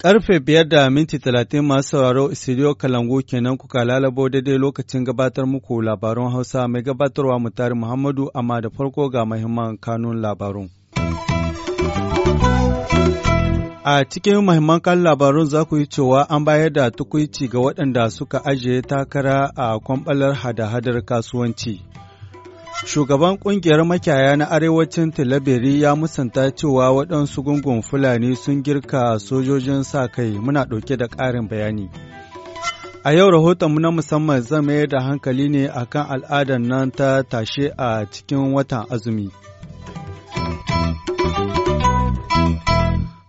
Karfe biyar da minti talatin masu sauraro studio Kalangu kenan kuka lalabo daidai lokacin gabatar muku labarun Hausa mai gabatarwa mutari Muhammadu amma da farko ga mahimman kanun labarun. A cikin mahimman kan labarun za ku yi cewa an bayar da tukuici ga waɗanda suka ajiye takara a kwamɓalar hada-hadar kasuwanci. Shugaban ƙungiyar makiyaya na arewacin Tilaberi ya musanta cewa waɗansu gungun Fulani sun girka sojojin sa-kai muna ɗauke da ƙarin bayani. A yau rahotonmu na musamman zan mayar da hankali ne akan al'adar nan ta tashe a cikin watan azumi.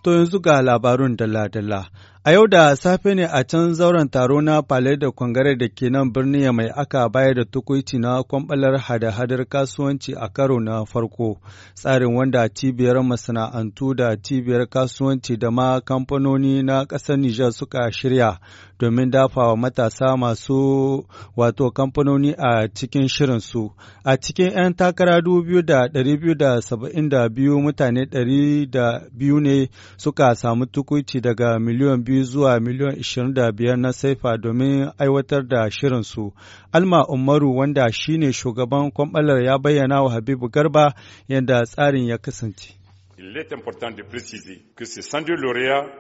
To yanzu ga labarun dala dalla A yau da safe ne a can zauren taro na Palai da Kwangare da ke nan birni mai aka bayar da tukuici na kwamɓalar hada-hadar kasuwanci a karo na farko, tsarin wanda cibiyar masana'antu da cibiyar kasuwanci da ma kamfanoni na ƙasar Nijar suka shirya domin dafawa matasa masu wato kamfanoni a cikin shirinsu. A cikin 'yan takara biyu mutane biyu ne suka samu tukuici daga miliyan biyu zuwa miliyan ishirin da biyar na saifa domin aiwatar da shirinsu. Alma Umaru wanda shine shugaban kwamɓalar ya bayyana wa Habibu Garba yadda tsarin ya kasance.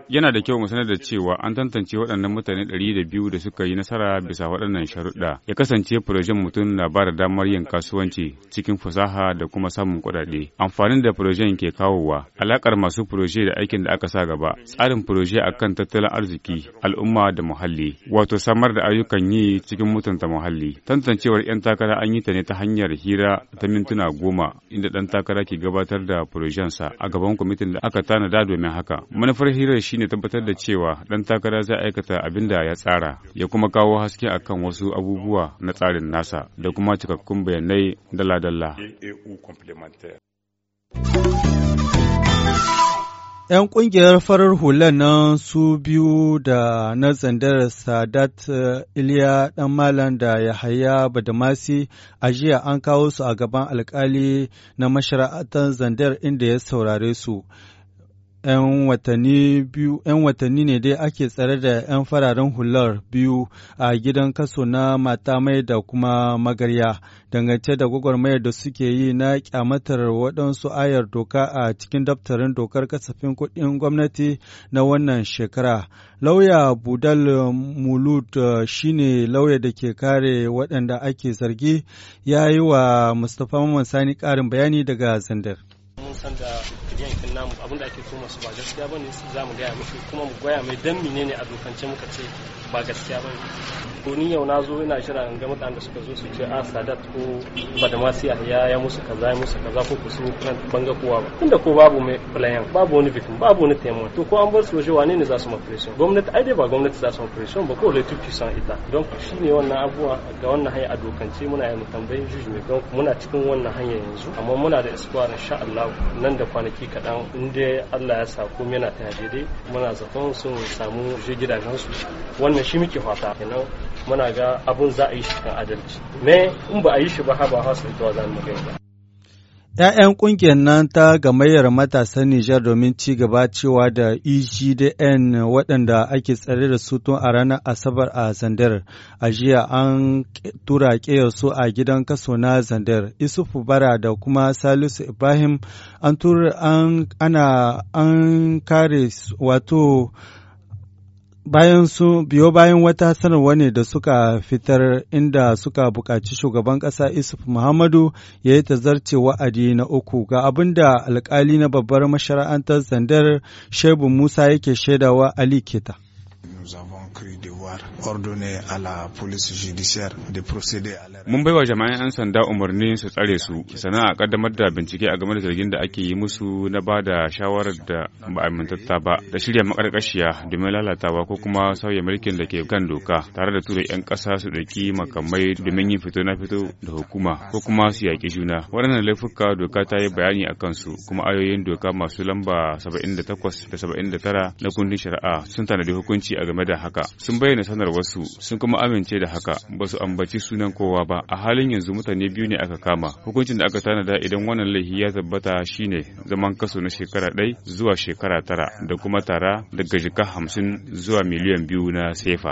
Yana da kyau mu sanar da cewa an tantance waɗannan mutane ɗari da biyu da suka yi nasara bisa waɗannan sharuɗa. Ya kasance furojen mutum na ba da damar yin kasuwanci cikin fasaha da kuma samun kuɗaɗe. Amfanin da furojen ke kawowa, alaƙar masu furoje da aikin da aka sa gaba, tsarin a kan tattalin arziki, al'umma da muhalli, wato samar da ayyukan yi cikin mutunta muhalli. Tantancewar 'yan takara an yi ta ne ta hanyar hira ta mintuna goma inda ɗan takara ke gabatar da furojensa. gaban kwamitin da aka tanada domin haka. Manufar hirar shine tabbatar da cewa ɗan takara zai aikata abin da ya tsara, ya kuma kawo haske akan wasu abubuwa na tsarin nasa da kuma cikakkun bayanai dala-dala. ‘Yan ƙungiyar farar hula nan su biyu da na tsandar Sadat eh, Iliya ɗan Malam da Yahaya Badamasi a jiya an kawo su a gaban alkali na mashara'atan zandar inda ya saurare su. 'yan watanni ne dai ake tsare da 'yan fararen hular biyu a gidan kaso na mata mai da kuma magarya dangance da gwagwarmayar da suke yi na kyamatar waɗansu ayar doka a cikin daftarin dokar kasafin kuɗin gwamnati na wannan shekara lauya budal mulud eh, shine lauya da ke kare waɗanda ake zargi ya yi wa mustapha mamman sani ƙarin bayani daga zandar mun san da namu abinda ake musu ba gaskiya ba ne za mu gaya musu kuma mu gaya mai dan mine ne a dokance muka ce ba gaskiya ba ne ni yau na zo ina shira in ga mutanen da suka zo su ce a ah, sadat ko badamasiya ya ya musu kaza ya musu kaza ko kusu banga kowa ba tunda ko babu mai plan babu wani victim babu wani taimako to ko an bar su waje wane ne za su mapresion gwamnati ai dai ba gwamnati za su mapresion ba ko le tout puissant ita don shi ne wannan abuwa ga wannan hanya a dokance muna yi tambayin juju ne don muna cikin wannan hanya yanzu amma muna da espoir insha Allah nan da kwanaki kaɗan in dai Allah Allah ya yana ta dai muna zaton su samu gidajen gidajensu wannan shi muke fata kenan muna ga abun za a yi shi kan adalci me in ba a yi shi ba ha ba hausa za mu gani ba ‘Ya'yan ƙungiyar nan ta gamayyar matasan Nijar domin ci gaba cewa da EGDN waɗanda ake tsare da su tun a ranar Asabar a Zandar. A jiya an tura su a gidan kaso na Zandar. Isufu Bara da kuma Salisu Ibrahim an tura an ana an kare wato bayan su biyo bayan wata sanarwa ne da suka fitar inda suka buƙaci shugaban ƙasa Isuf Muhammadu ya yi tazarce wa'adi na uku ga abin da alkali na babbar mashara'antar sandar Shebu Musa yake shaidawa Ali Keta. police de Mun baiwa jama'an 'yan sanda umarni su tsare su, sana'a kaddamar da bincike a game da zargin da ake yi musu na ba da shawarar da ba amintatta ba, da shirya makarkashiya domin lalatawa ko kuma sauya mulkin da ke kan doka, tare da tura 'yan ƙasa su ɗauki makamai domin yin fito na fito da hukuma ko kuma su yaƙi juna. Waɗannan laifuka doka ta yi bayani a kansu, kuma ayoyin doka masu lamba 78 da 79 na kundin shari'a sun tanadi hukunci a game da haka. Sun bayyana bayyana sanarwarsu sun kuma amince da haka ba su ambaci sunan kowa ba a halin yanzu mutane biyu ne aka kama hukuncin da aka tanada idan wannan laifi ya tabbata shine zaman kaso na shekara ɗai zuwa shekara tara da kuma tara daga jika hamsin zuwa miliyan biyu na sefa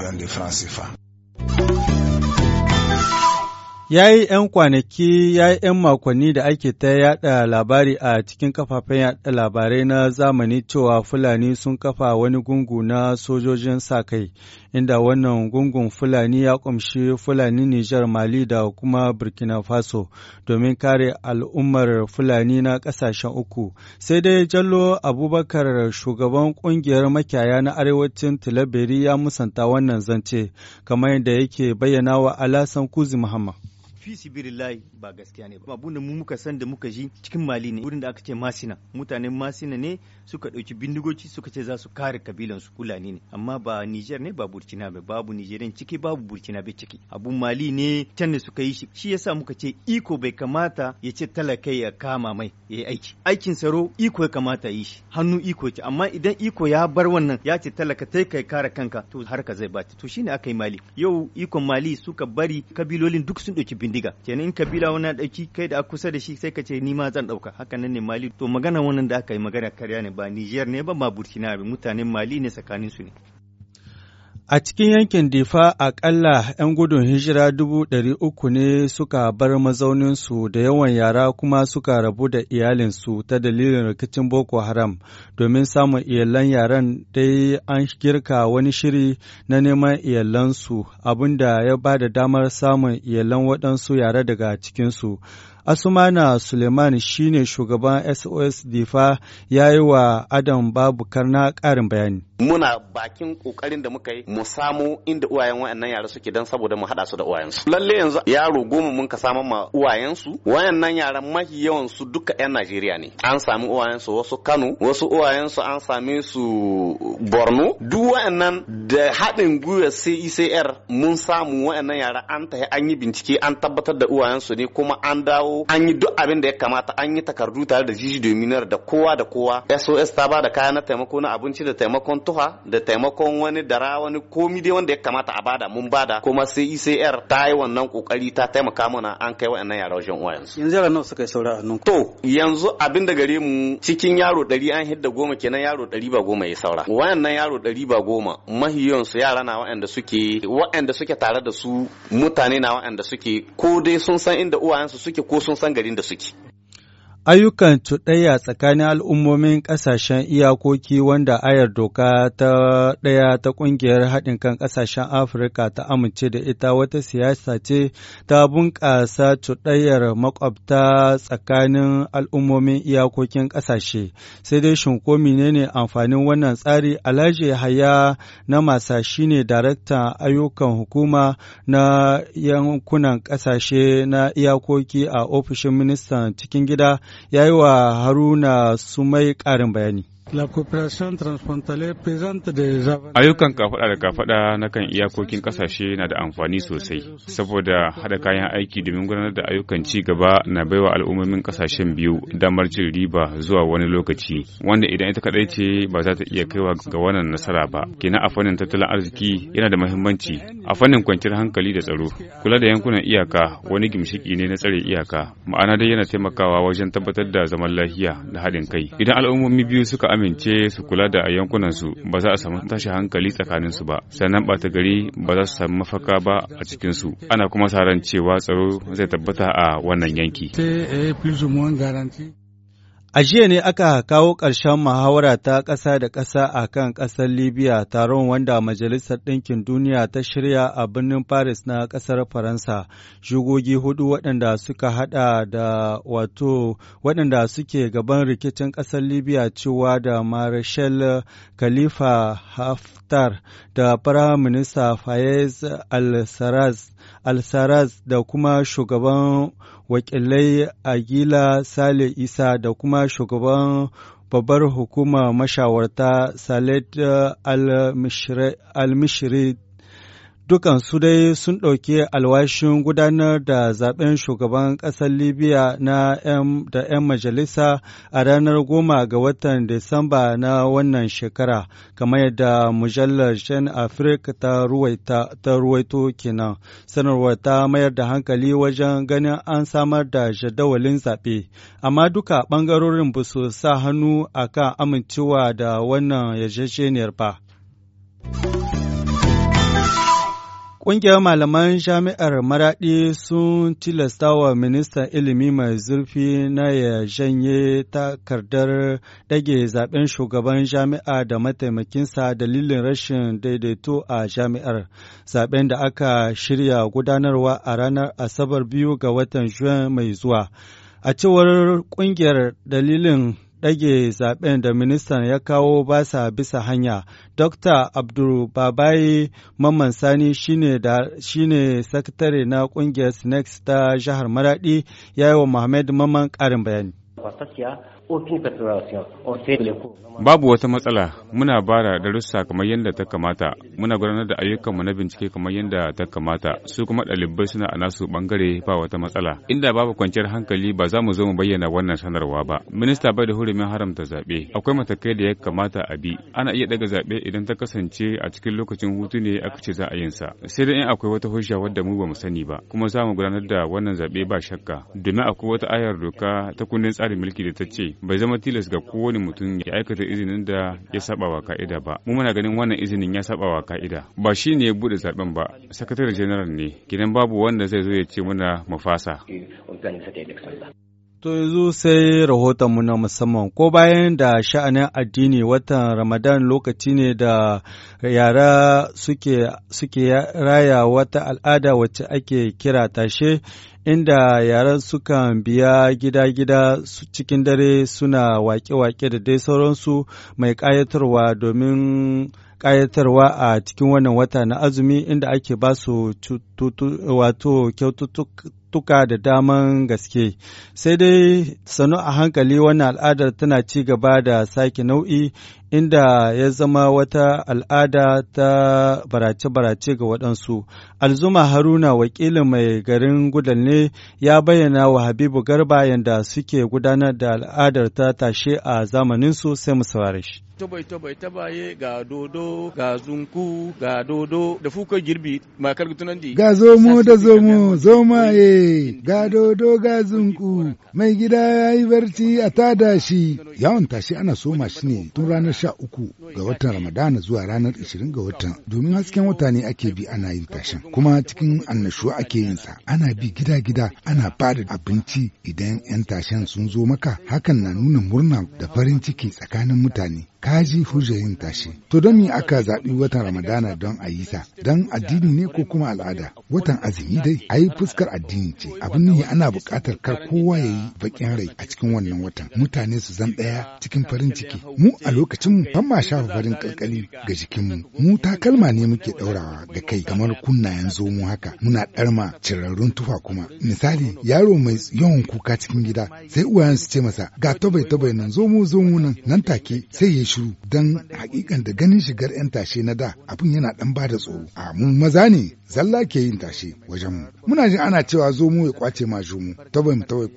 Ya yi ‘yan kwanaki, ya yi ‘yan makonni da ake ta yaɗa labari a cikin kafafen yada labarai na zamani cewa Fulani sun kafa wani gungu na sojojin sa-kai, inda wannan gungun Fulani ya ƙumshi Fulani Nijar Mali da kuma Burkina Faso domin kare al'ummar Fulani na ƙasashen uku. Sai dai Jallo Abubakar shugaban ƙungiyar makiyaya na arewacin Tilaberi ya musanta wannan zance, kamar yadda yake bayyana wa Alasan Kuzi Muhammad. fi sibirillahi ba gaskiya ne ba abun da mu muka san da muka ji cikin mali ne wurin da aka ce masina mutanen masina ne suka ɗauki bindigoci suka ce za su kare kabilan su kulani ne amma ba niger ne ba burkina ba babu nigerian ciki babu burkina ba ciki abun mali ne can ne suka yi shi shi yasa muka ce iko bai kamata ya ce talaka ya kama mai ya yi aiki aikin saro iko ya kamata yi shi hannu iko ce amma idan iko ya bar wannan ya ce talaka tai kai kare kanka to har ka zai bata to shine aka yi mali yau ikon mali suka bari kabilolin duk sun ɗauki bindigoci bindiga kenan kabila wani ɗauki kai da a kusa da shi sai ka ce ni ma zan ɗauka haka nan ne mali to magana wannan da aka yi magana karya ne ba niger ne ba ma burkina mutanen mali ne tsakanin su ne A cikin yankin Difa aƙalla ‘yan gudun hijira dubu ɗari uku ne suka bar mazauninsu da yawan yara kuma suka rabu da iyalinsu ta dalilin rikicin Boko Haram. Domin samun iyalan yaran dai an girka wani shiri na neman iyalansu abinda ya ba da damar samun iyalan waɗansu yara daga cikinsu. Asumana Suleiman shine shugaban SOS Difa ya yi wa Adam Babu Karna karin bayani. Muna bakin kokarin da muka yi mu samu inda uwayen wayannan yara suke don saboda mu haɗa su da uwayensu. Lalle yanzu yaro goma mun ka samu ma uwayensu wayannan yaran mahi yawan su duka 'yan Najeriya ne. An samu uwayensu wasu Kano, wasu uwayensu an same su Borno. Duk wayannan da haɗin gwiwa cecr mun samu wayannan yara an tafi an yi bincike an tabbatar da uwayensu ne kuma an dawo an yi duk abin da ya kamata an yi takardu tare da jiji dominar da kowa da kowa sos ta ba da kaya na taimako na abinci da taimakon tuha da taimakon wani dara wani komi dai wanda ya kamata a bada mun bada kuma sai ecr ta yi wannan kokari ta taimaka mana an kai wa'annan yara wajen uwayensu yanzu yara nawa suka yi saura a nan to yanzu abin da gare mu cikin yaro ɗari an hidda goma kenan yaro ɗari ba goma ya saura wa'annan yaro ɗari ba goma mahiyon su yara na wa'anda suke wa'anda suke tare da su mutane na wa'anda suke ko dai sun san inda uwayensu suke ko sun san garin da suke Ayyukan cuɗayya tsakanin al'ummomin ƙasashen iyakoki wanda ayar doka ta ɗaya ta ƙungiyar haɗin kan ƙasashen Afirka ta amince da ita wata siyasa ce ta bunƙasa cuɗayyar makwabta tsakanin al'ummomin iyakokin ƙasashe. Sai dai shinkomi ne amfanin wannan tsari Alhaji Haya na Masa shi ne daraktan ayyukan hukuma na yankunan ƙasashe na iyakoki a ofishin ministan cikin gida. ya yi wa Haruna Sumai ƙarin bayani. Ayyukan kafaɗa da kafaɗa na kan iyakokin ƙasashe na da amfani sosai, saboda haɗa kayan aiki domin gudanar da ayyukan ci gaba na baiwa al'ummomin ƙasashen biyu damar cin riba zuwa wani lokaci, wanda idan ita kaɗai ce ba za ta iya kaiwa ga wannan nasara ba. kina a fannin tattalin arziki yana da muhimmanci, a fannin kwanciyar hankali da tsaro, kula da yankunan iyaka wani gimshiki ne na tsare iyaka, ma'ana dai yana taimakawa wajen tabbatar da zaman lafiya da haɗin kai. Idan al'ummomi biyu suka amince su kula da a yankunansu ba za a samu tashi hankali tsakaninsu ba sannan ɓata gari ba za su samu mafaka ba a cikinsu ana kuma sa ran cewa tsaro zai tabbata a wannan yanki. A jiya ne aka kawo ƙarshen muhawara ta ƙasa da ƙasa a kan ƙasar Libya taron wanda Majalisar Ɗinkin Duniya ta shirya a birnin Paris na ƙasar Faransa. Shugogi hudu waɗanda suka haɗa da wato waɗanda suke gaban rikicin ƙasar Libya cewa da Marshal Khalifa Haftar da Firaminista Fayez al saraz da kuma shugaban wakilai agila sale isa da kuma shugaban babbar hukuma mashawarta Salet al-Mishri dukan su dai sun ɗauki alwashin gudanar da zaben shugaban ƙasar libya na da 'yan majalisa a ranar goma ga watan disamba na wannan shekara kamar yadda mujallar jan afirka ta ruwaito kenan sanarwar ta mayar da hankali wajen ganin an samar da jadawalin zaɓe amma duka ɓangarorin ba su sa hannu a kan amincewa da wannan yarjejeniyar ba. Ƙungiyar malaman jami'ar Maraɗi sun tilasta wa ministan ilimi mai zurfi na ya janye takardar ɗage zaben shugaban jami'a da mataimakinsa dalilin rashin daidaito a jami'ar. Zaben da aka shirya gudanarwa a ranar Asabar biyu ga watan Juin mai zuwa. A cewar ƙungiyar dalilin ɗage zaɓen da ministan ya kawo basa bisa hanya. Dr. Abdul Babaye Mamman Sani shine ne sakatare na ƙungiyar Snex ta jihar Maradi ya yi wa Muhammad Mamman ƙarin bayani. Babu wata matsala muna bara darussa kamar yadda ta kamata, muna gudanar da ayyukanmu na bincike kamar yadda ta kamata, su kuma ɗalibai suna a nasu ɓangare ba wata matsala. Inda babu kwanciyar hankali ba za mu zo mu bayyana wannan sanarwa ba. Minista bai da hurumin haramta zaɓe, akwai matakai da ya kamata a bi. Ana iya daga zaɓe idan ta kasance a cikin lokacin hutu ne aka ce za a yin sa. Sai dai in akwai wata hujja wadda mu ba mu sani ba, kuma za mu gudanar da wannan zaɓe ba shakka. Domin akwai wata ayar doka ta kundin tsarin mulki da ta ce bai zama tilas ga kowane mutum ya aikata izinin da ya saba wa ka'ida ba mu muna ganin wannan izinin ya saba wa ka'ida ba shi ne ya bude zaben ba sakatare general ne gidan babu wanda zai zo ya ce muna mu fasa To yanzu sai rahotonmu na musamman ko bayan da sha'anin addini watan Ramadan lokaci ne da yara suke, raya wata al'ada wacce ake kira tashe inda yara sukan biya gida-gida cikin dare suna wake-wake da dai sauransu mai ƙayatarwa domin ƙayatarwa a cikin wannan wata na azumi inda ake ba su wato tuka da daman gaske sai dai sanu a hankali wannan al'adar tana ci gaba da sake nau'i inda ya zama wata al'ada ta barace-barace ga waɗansu. Alzuma Haruna wakilin mai garin gudan ne ya bayyana wa Habibu Garba yadda suke gudanar da al'adar ta tashe a zamaninsu sai mu saurare shi. tabai tabai tabaye ga dodo ga zunku ga dodo da fuka girbi makar tunan di ga zomo da zomo zomaye ga dodo ga zunku mai gida ya yi barci a tada shi yawan tashi ana soma shi ne tun ranar sha uku ga watan Ramadana zuwa ranar ishirin ga watan domin hasken wata ne ake bi ana yin tashin kuma cikin annashuwa ake yin sa ana bi gida-gida ana bada abinci idan 'yan tashen sun zo maka hakan na nuna murna da farin ciki tsakanin mutane kaji yin tashi to don me aka zaɓi watan ramadana don a yi sa don addini ne ko kuma al'ada watan azumi dai a yi fuskar addini ce abin ne ana buƙatar kar kowa ya yi baƙin rai a cikin wannan watan mutane su zan ɗaya cikin farin ciki mu a lokacin ban ma shafa farin kalkali ga jikinmu mu takalma ne muke ɗaurawa ga kai kamar kunnayen zomo haka muna ɗarma cirarrun tufa kuma misali yaro mai yawan kuka cikin gida sai uwayen su ce masa ga tabai tabai nan zomo zomo nan nan take sai ya shiru dan hakikan da ganin shigar yan tashe na da abin yana dan bada tsoro a mu maza ne zalla ke yin tashe wajen mu muna jin ana cewa zo mu ya kwace ma mu tabaim tawai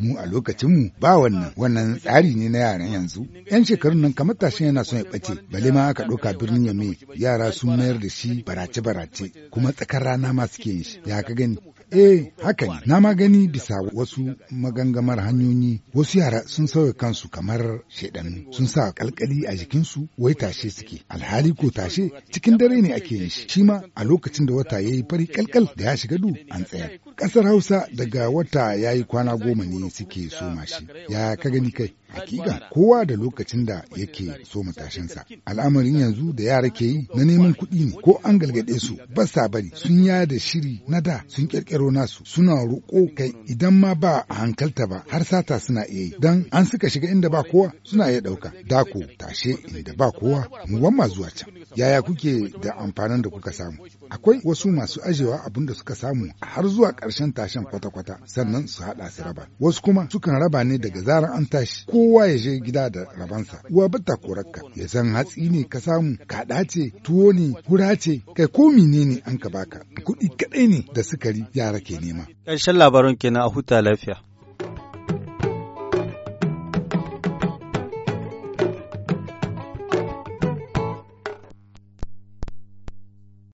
mu a lokacin mu ba wannan wannan tsari ne na yaran yanzu yan shekarun nan kamar tashin yana son ya bace bale ma aka ɗauka birnin yame yara sun mayar da shi barace barace kuma tsakar rana ma suke yin shi ya ka gani Eh, haka ne, na magani bisa wasu magangamar hanyoyi, wasu yara sun sauya kansu kamar shaidan sun sa kalkali a jikinsu wai tashe suke, alhali ko tashe cikin dare ne ake yin shi, shi ma a lokacin da wata ya yi fari kalkal da ya shiga du an tsaya. Ƙasar Hausa daga wata ya yi kwana goma ne suke soma shi, ya ka gani kai. Hakika kowa da lokacin da yake so matashinsa. Al'amarin yanzu da yara ke yi na neman kuɗi ne ko an galgade su ba sa bari sun ya da shiri na da sun ƙirƙiro nasu suna roƙo kai idan ma ba a hankalta ba har sata suna iya yi dan an suka shiga inda ba kowa suna iya ɗauka dako tashe inda ba kowa mu wamma zuwa can. Yaya kuke da amfanin da kuka samu? akwai wasu masu ajewa abin da suka samu har zuwa ƙarshen tashen kwata-kwata sannan su haɗa su raba wasu kuma sukan raba ne daga zarar an tashi kowa ya je gida da rabansa uwa bata korakka ya san hatsi ne ka samu kaɗa ce tuwo ne hura ce kai ko menene an ka baka kuɗi kaɗai ne da sukari yara ke nema ƙarshen labaran kenan a huta lafiya